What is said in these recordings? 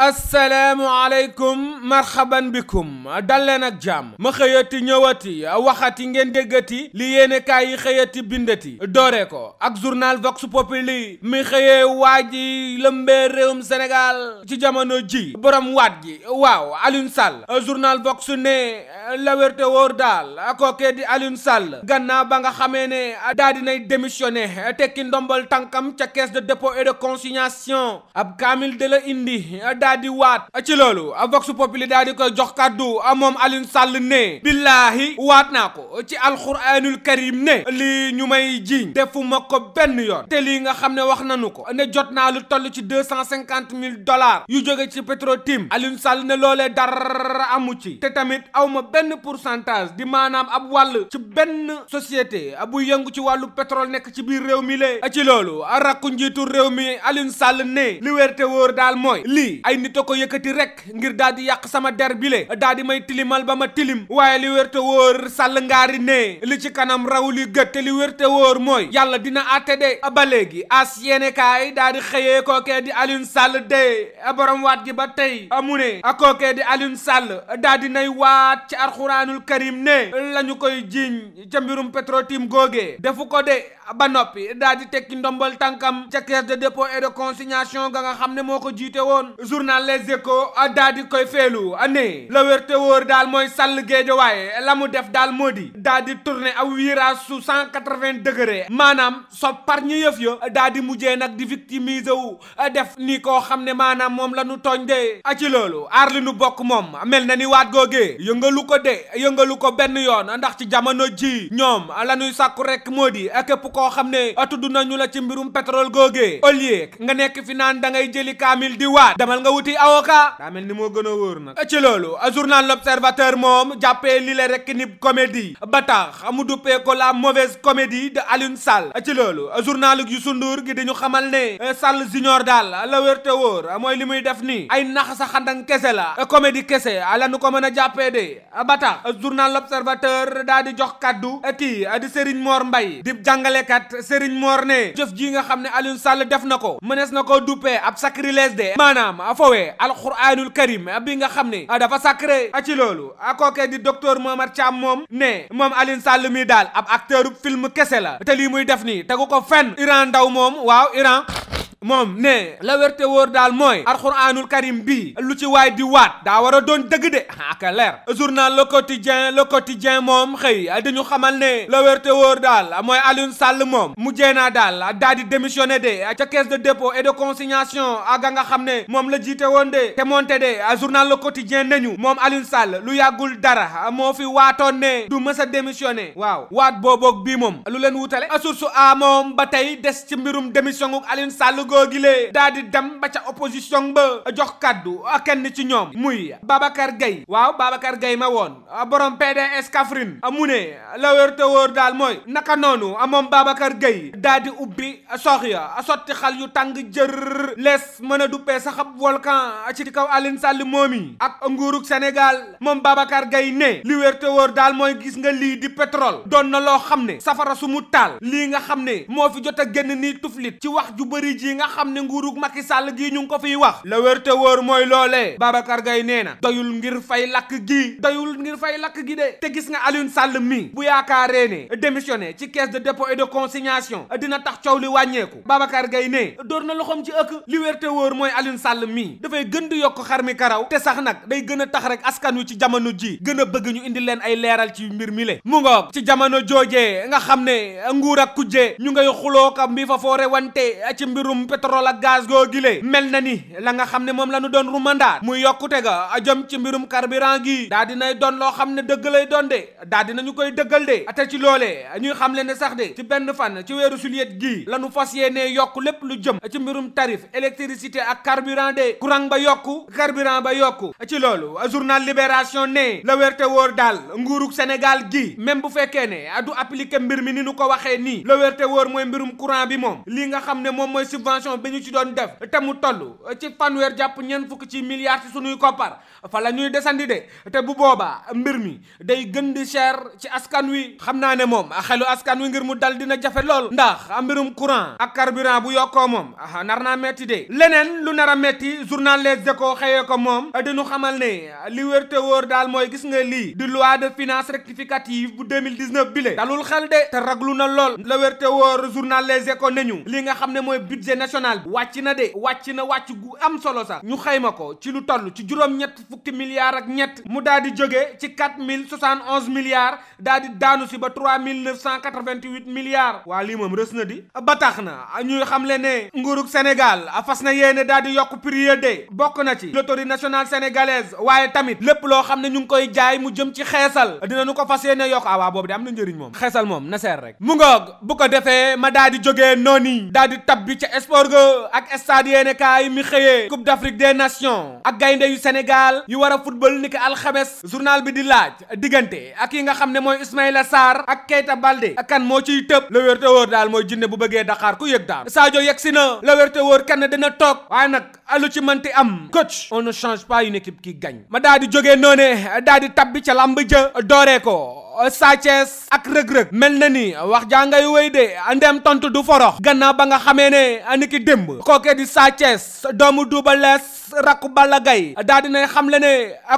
asalaamualeykum marhaban bikum dal leen ak jàmm ma xëyati ñëwati waxati ngeen déggati li yéenekaay yi xëyati bindati dooree ko ak journal Vox Populi mi xëyee waa ji lëmbee réewum Sénégal ci jamono ji borom waat gi waaw Alioune Sall journal Vox ne la wérte wóor daal kookee di Alioune Sall gannaaw ba nga xamee ne daa dinay démissionné tekki ndombal tànkam ca caisse de dépôt et de consignation ab kaamil de la indi daal di waat ci loolu vox populi li di koy jox kàddu moom Alioune Sall ne billaahi waat naa ko ci alxuraanul karim ne lii ñu may jiiñ defuma ko benn yoon te lii nga xam ne wax nanu ko ne jot naa lu toll ci deux cent cinquante mille dollars yu jóge ci Petro-Tim alin Sall ne loolee dara amu ci te tamit awma benn pourcentage di maanaam ab wàll ci benn société bu yëngu ci wàllu pétrole nekk ci biir réew mi lee ci loolu rakku njiitu réew mi Alioune Sall ne li daal mooy lii nit a ko yëkkati rek ngir daal di yàq sama der bile daal di may tilimal ba ma tilim waaye li wér te wóor sàll ngaari ne li ci kanam raw li gët te li wérte te wóor mooy yàlla dina àtte de ba léegi as yéene kaay daal di xëyee kookee di Alioune Sall de borom waat gi ba tey amu ne kookee di Alioune Sall daal di nay waat ci alxuraanul karim ne la koy jiiñ ca mbirum Petro-Tim googee defu ko de ba noppi daal di tekki ndombal tànkam ca caisse de dépôt et de consignation ga nga xam ne moo ko jiite woon journal Les Échos ah, daal di koy feelu ah, ne la wér te wóor daal mooy sàll waaye la mu def daal moo di daal di tourner aw virage su cent quatre-vingts degrés maanaam soppar ñu yëf ya daal di mujjee nag di victimiser wu ah, def ni koo xam ne maanaam moom la ñu tooñ de ci loolu aar li nu bokk moom mel na ni waat googee yëngalu ko de yëngalu ko benn yoon ndax ci jamono ji ñoom la ñuy rek moo di ko koo xam ne tudd nañu la ci mbirum pétrole googee au lieu nga nekk fi naan da ngay jëli kaamil di waat demal nga wuti avocat daa ni moo gën a wóor nag ci loolu journal l'observateur moom jàppee li rek nib comédie ba tax mu duppee ko la mauvaise comédie de Sall ci loolu journal Youssou Ndour gi dañu xamal ne euh, Sall junior daal la wér te wóor mooy li muy def nii ay nax sa xandang kese la euh, comédie kese la nu ko mën a jàppee de ba tax journal l'observateur daa di jox kaddu euh, kii di Serigne Mor Mbaye di jàngale kat Serigne Mor ne jëf ji nga xam ne Aliou Sall def na ko mënees na koo duppee ab sacrilège de maanaam fowee alquranul karim bi nga xam ne dafa sacré a ci loolu a kookee di docteur Momar Thiam moom ne moom Aliou Sall mii daal ab acteur film kese la te lii muy def nii tegu ko fenn Iran Ndaw moom waaw Iran moom ne la wérte wóor daal mooy alxuraanul karim bi lu ci waay di waat daa war a doon dëgg de aka leer journal le quotidien le quotidien moom xëy dañu xamal ne la wérte wóor daal mooy Alioune Sall moom mu jeenaa daal daa di démissionné de ca caisse de dépôt et de consignation aga nga xam ne moom la jiite woon de te moonte de journal le quotidien nañu moom Alioune Sall lu yàggul dara moo fi waatoon ne du mës a démissionné waaw waat booboog bii moom lu leen wutale source a ba tey des ci mbirum démission gu Sall googile daa di dem ba ca opposition ba jox kàddu kenn ci ñoom muy Babacar Gueye waaw Babacar gay ma woon borom PDS Kaffrine mu ne daal mooy naka noonu moom Babacar Gueye daa di ubbi sox ya sotti xal yu tàng jër lees mën a duppee sax ab volcan ci kaw Alioune Sall moomi ak nguurug moom Babacar Gueye ne li wér te daal mooy gis nga lii di pétrole doon na loo xam ne safara su mu taal lii nga xam ne moo fi jot a génn nii tuflit ci wax ju bëri ji nga xam ne nguurug Macky sàll gii ñu ngi ko fiy wax la wér te wóor mooy loolee Babacar Gaye nee na doyul ngir fay lakk gi doyul ngir fay lakk gi de te gis nga Aliou sàll mi bu yaakaaree ne démissionné ci caisse de dépôt et de consignation dina tax coow li wàññeeku Babacar Gaye ne door na loxoom ci ëkk li wér te mooy Aliou sàll mi dafay gën di yokk xar mi karaw te sax nag day gën a tax rek askan wi ci jamono ji gën a bëgg ñu indi leen ay leeral ci mbir mi le ci jamono joojee nga xam ne nguur ak kujje ñu ngay xuloo ka mbi fa wante ci mbirum pétrole ak gaz goo gile mel na ni la nga xam ne moom la ñu doon rumandaat muy yokkute ga a jëm ci mbirum carburant gi daa dinay doon loo xam ne dëgg lay doon de daa dinañu koy dëggal de ate ci loolee ñuy xam le ne sax de ci benn fan ci weeru juillet gi la ñu fas yéenee yokk lépp lu jëm ci mbirum tarif électricité ak carburant de courant ba yokku carburant ba yokk ci loolu journal libération ne la wérte wóor daal nguurug Sénégal gi même bu fekkee ne du appliqué mbir mi ni nu ko waxee nii la wérte mooy mbirum courant bi moom subvention bi ñu ci doon def te mu toll ci fanweer jàpp ñeent fukk ci milliards ci sunuy koppar fa la ñuy desandi de te bu boobaa mbir mi day gën di cher ci askan wi xam naa ne moom xelu askan wi ngir mu dal dina jafe lool ndax mbirum courant ak carburant bu yokkoo moom ah nar naa metti de leneen lu nar a metti journal Les Échos xëyee ko moom diñu xamal ne li wér te wóor daal mooy gis nga lii di loi de finance rectificative bu 2019 dalul xel de te raglu na lo la wér te nationale bi wàcc na de wàcc na wàcc gu am solo sax ñu xayma ko ci lu toll ci juróom-ñett fukki milliards ak ñett mu daal di jóge ci quatre mille soixante onze milliards daal di daanu si ba trois mille neuf cent quatre vingt huit milliards waa lii moom rës na di ba tax na ñuy xamle ne nguurug Sénégal fas na yéene daal di yokk prix de bokk na ci loterie nationale sénégalaise waaye tamit lépp loo xam ne ñu ngi koy jaay mu jëm ci xeesal dinañu ko fas yéene yokk ah waa boobu de na njëriñ moom moom na seer rek mu ngoog bu ko defee record ga ak stade yéene kaay mi xëyee coupe d'Afrique des nations ak gaynde yu Sénégal yu war a football ni ki alxames journal bi di laaj diggante ak yi nga xam ne mooy Ismaïla Sarr ak Keita Balde ak kan moo ciy tëb la wér te daal mooy jinne bu bëggee Dakar ku yëg daal Sadio yegg si na la wér te wóor dina toog waaye nag alu ci mënti am coach on ne change pas une équipe qui gagne ma daa di jógee noone daa di tabbi ca làmb ja dooree ko Sa Thiès ak rëg-rëg mel na ni wax jaa ngay wéy de ndem tontu du forox gannaaw ba nga xamee ne aniki démb kookee di Sa Thiès doomu Double Less rakku Balla Gaye daa xam xamle ne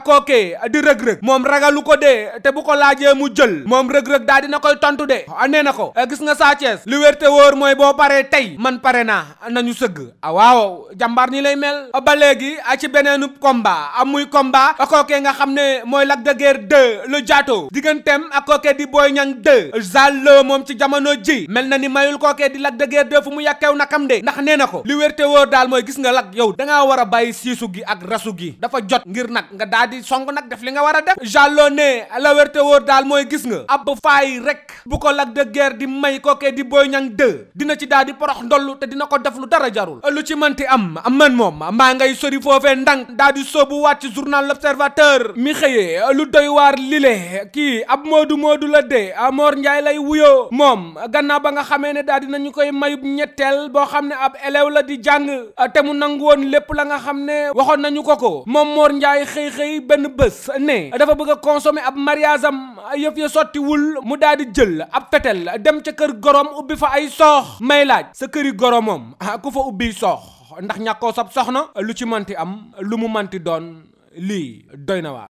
kooke di rëg-rëg moom ragalu ko de te bu ko laajee mu jël moom rëg-rëg daa na koy tontu de nee na ko gis nga Sa Thiès li wérte wóor mooy boo paree tey man pare naa nañu sëgg waaw jàmbaar ni lay mel ba léegi ci beneenu combat a muy combat kookee nga xam ne mooy Lac de Guiers jaato digganteem ak kookee di Boy Niang 2 Zale moom ci jamono ji mel na ni mayul kookee di Lac de Guiers 2 fu mu yàkkeew nakam de ndax nee na ko li wérte wóor daal mooy gis nga lag yow dangaa war a bàyyi siisu gi ak rasu gi dafa jot ngir nag nga daal di song nag def li nga war a def Zale ne la wérte wóor daal mooy gis nga ab faay rek bu ko Lac de di may kookee di booy Niang 2 dina ci daal di porox ndollu te dina ko def lu dara jarul lu ci mënti am man moom maa ngay sori foofee ndànk daal di soobu wàcc journal l'Observateur mi xëyee lu doy waar kii ab moo du la dee Amor Ndiaye lay wuyoo moom gannaaw ba nga xamee ne daal nañu koy mayub ñetteel boo xam ne ab élève la di jàng te mu nangu woon lépp la nga xam ne waxoon nañu ko ko moom Mor Ndiaye xëy-xëy benn bés ne dafa bëgg a consommer ab mariage yëf ya sottiwul mu daal di jël ab fetel dem ca kër gorom ubbi fa ay soox may laaj sa këri goromam ah, ku fa ubbi soox ndax ñàkkoo sab soxna lu ci manti am lu mu manti doon lii doy na waa